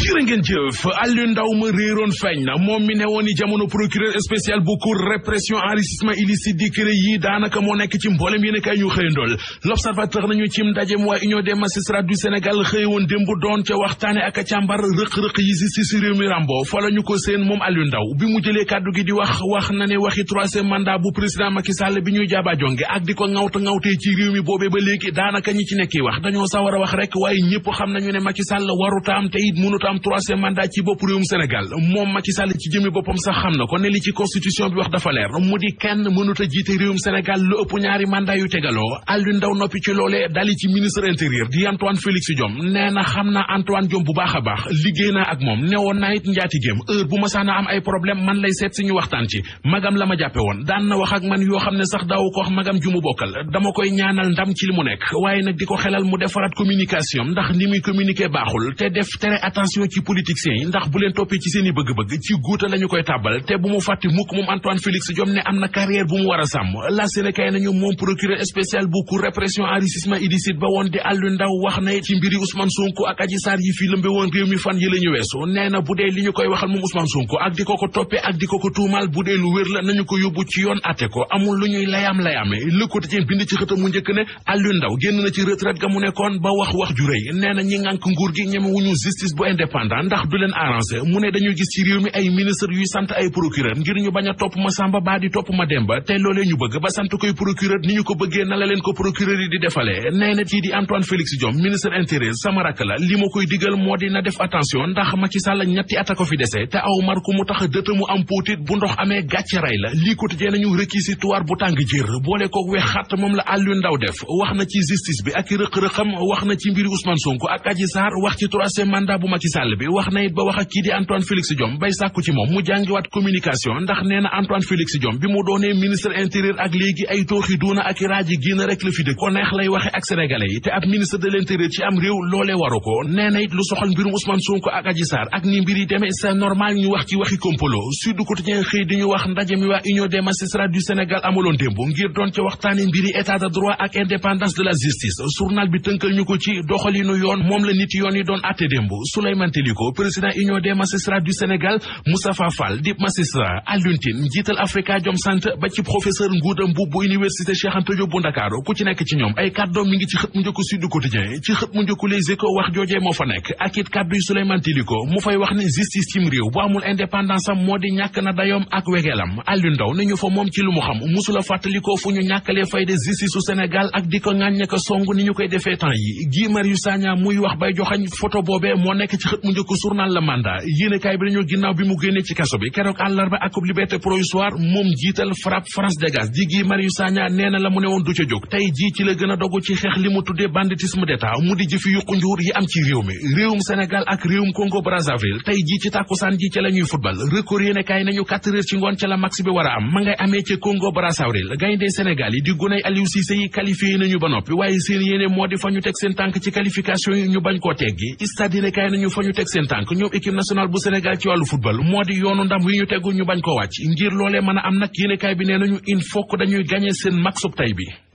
jërë ngeen jëf Alioune Ndao ma réeroon feeñ na moom mi ne woon bu cour répression enrichissement illicite di këré daanaka moo nekk ci mboolem yéen kay ñu xëyandool l'observateur nañu cim ndajem waa union des woon démb doon ca waxtaane ak a si si réew mi Rambo fa ñu ko seen moom Alioune Ndao bi mu jëlee kàddu gi di wax wax na ne waxi troisième mandat bu président Macky Sall bi ñuy jaaba jonge ak di ko ŋawta ŋawtee ci réew mi boobee ba léegi daanaka ñi ci nekki wax dañoo sawar a wax rek waaye ñëpp xam nañu ne Macky Sall waruta am am troisième mandat ci bopp réewum Sénégal moom Macky Sall ci jëmi boppam sax xam na ko ne li ci constitution bi wax dafa leer mu di kenn mënut a jiite réewum Sénégal lu ëpp ñaari mandat yu tegaloo Aliou Ndao noppi ci loolee dali ci ministre intérieur di Antoine Félix Diome nee na xam na Antoine Diome bu baax a baax liggéey naa ak moom newoon naa it njaatigeem heure bu ma saana am ay problème man lay seet si ñu waxtaan ci magam la ma jàppe woon daan na wax yoo xam ne sax daawu ko wax magam ju mu bokkal dama koy ñaanal ndam ci li mu nekk waaye nag di ko xelal mu defaraat ni muy communiquer baaxul te def tere attention pression ci ndax bu leen toppee ci seen bëgg-bëgg ci guuta la koy tàbbal te bu mu fàtte mukk moom Antoine Félix Diome ne am na carrière bu mu war a sàmm la Sénégal nañu moom procureur spécial bu cour répression enrichissement illicite ba woon di Aliou Ndao wax na ci mbiri Ousmane Sonko ak Adji Sarr yi fii lëmbe woon réew mi fan yi la weesu nee bu dee li ñu koy waxal moom Ousmane Sonko ak di ko ko toppee ak di ko ko tuumaal bu dee lu wér la nañu ko yóbbu ci yoon indépendant ndax du leen arrangé mu ne dañu gis ci réew mi ay ministre yuy sant ay procureur ngir ñu bañ a topp ma sàmba baa di topp ma demba te loolee ñu bëgg ba sant koy procureur ni ñu ko bëggee na la leen ko procureur yi di defalee nee na tii di Antoine Félix Diome ministre intérieur sama rakk la li ma koy digal moo di na def attention ndax Macky Sall ñetti at a ko fi dese te aw mar mu tax dëtamu am póotit bu ndox amee gàcce ray la lii quotidien nañu na ci na ci mbiri Ousmane Sall bi wax na it ba wax ak kii di Antoine Félix Diome bay sàkku ci moom mu jàngiwaat communication ndax nee Antoine Félix Diome bi mu doonee ministre intérieur ak léegi ay tooxi duuna ak i raaji génn rek la fi dëkk ko neex lay waxe ak sénégalais yi te ab ministre de l'intérieur ci am réew loolee waru ko nee na lu soxal mbirum Ousmane Sonko ak Adji ak ni mbir yi demee c'est normal ñu wax ci waxi kompolo Sud Quotidien xëy di ñu wax ndaje mi waa Union des démanteli ko président union des magistrats du Sénégal Moustapha Fall di magistrat Alioune njiital Africa Jom Center ba ci professeur Ngouda bu université Cheikh Anta bu Ndakaaru ku ci nekk ci ñoom ay kàddoom mi ci xët mu njëkk Sud Quotidien ci xët mu njëkk Les Échos wax joojee moo fa nekk ak it kàddu yi Souleymane mu fay wax ne justice cim réew bu amul indépendance am moo di ñàkk na dayoom ak wegeelam Alioune Ndaw ñu fa moom ci lu mu xam musula fàttalikoo fu xët mu njëkk journal la mandat yéenekaay bi dañoo ginnaaw bi mu génnee ci kaso bi keroog àllarba ak liberté provisoire moom jiital FRAPP France Dégage di Guy Marius Sagna nee na la mu ne woon du ca jóg tey jii ci la gën a dogu ci xeex li mu tuddee banditisme d'État mu di jëfi yuqu njuur yi am ci réew mi réewum Sénégal ak réewum Congo Brazzaville tey jii ci tàkkusaan ji ca la ñuy football record yéenekaay nañu ci ngoon ca la max bi war a am ma ngay fa ñu teg seen tànk ñoom équipe nationale bu Sénégal ci wàllu football moo di yoonu ndam wi ñu tegu ñu bañ ko wàcc ngir loolee mën a am nag yéenekaay bi ne nañu il faut que dañuy gagner seen max tay bi